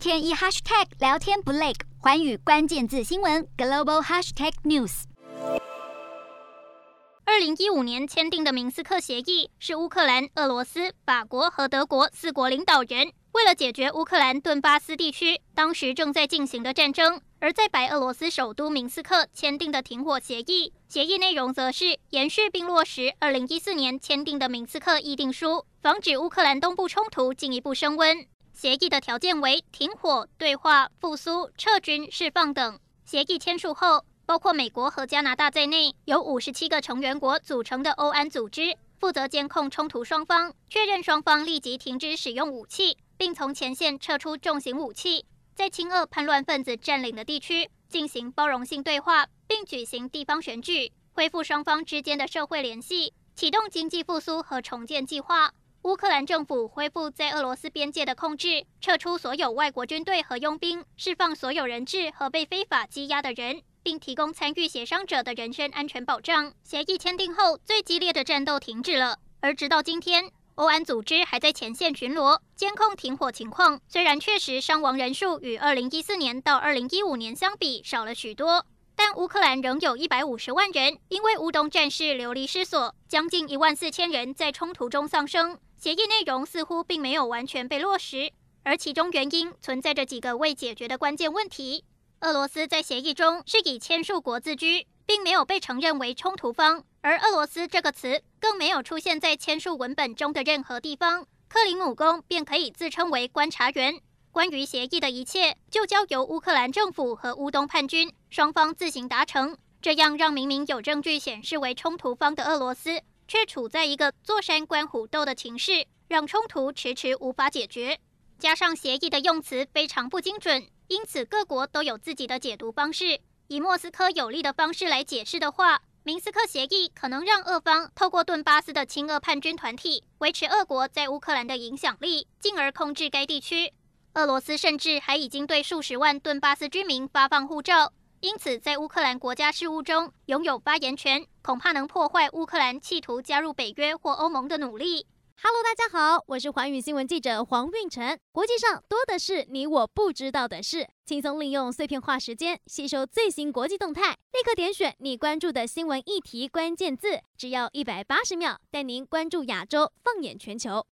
天一 hashtag 聊天不 lag 寰宇關鍵字新聞 global hashtag news。二零一五年簽訂的明斯克協議是烏克蘭、俄羅斯、法國和德國四國領導人為了解決烏克蘭頓巴斯地區當時正在進行的戰爭，而在白俄羅斯首都明斯克簽訂的停火協議。協議內容則是延續並落實二零一四年簽訂的明斯克議定書，防止烏克蘭東部衝突進一步升溫。協議的條件為停火、對話、復甦、撤軍、釋放等。協議簽署後，包括美國和加拿大在內，由五十七個成員國組成的歐安組織負責監控衝突雙方，確認雙方立即停止使用武器，並從前線撤出重型武器，在親俄叛亂分子佔領的地區進行包容性對話，並舉行地方選舉，恢復雙方之間的社會聯繫，啟動經濟復甦和重建計劃。烏克蘭政府恢復在俄羅斯邊界的控制，撤出所有外國軍隊和傭兵，釋放所有人質和被非法羈押的人，並提供參與協商者的人身安全保障。協議簽訂後，最激烈的戰鬥停止了，而直到今天，歐安組織還在前線巡邏，監控停火情況。雖然確實傷亡人數與二零一四年到二零一五年相比少了許多。但烏克蘭仍有一百五十萬人因為烏東戰事流離失所，將近一萬四千人在衝突中喪生。協議內容似乎並沒有完全被落實，而其中原因存在着幾個未解決的關鍵問題。俄羅斯在協議中是以簽署國自居，並沒有被承認為衝突方，而“俄羅斯”這個詞更沒有出現在簽署文本中的任何地方。克林姆宮便可以自稱為觀察員。關於協議的一切，就交由烏克蘭政府和烏東叛軍雙方自行達成。這樣讓明明有證據顯示為衝突方的俄羅斯，卻處在一個坐山觀虎鬥的情勢，讓衝突遲遲無法解決。加上協議的用詞非常不精準，因此各國都有自己的解讀方式。以莫斯科有利的方式來解釋的話，明斯克協議可能讓俄方透過頓巴斯的親俄叛軍團體，維持俄國在烏克蘭的影響力，進而控制該地區。俄羅斯甚至還已經對數十萬頓巴斯居民發放護照，因此在烏克蘭國家事務中擁有發言權，恐怕能破壞烏克蘭企圖加入北約或歐盟的努力。Hello，大家好，我是寰宇新聞記者黃運晨。國際上多的是你我不知道的事，輕鬆利用碎片化時間吸收最新國際動態，立刻點選你關注的新聞議題關鍵字，只要一百八十秒，帶您關注亞洲，放眼全球。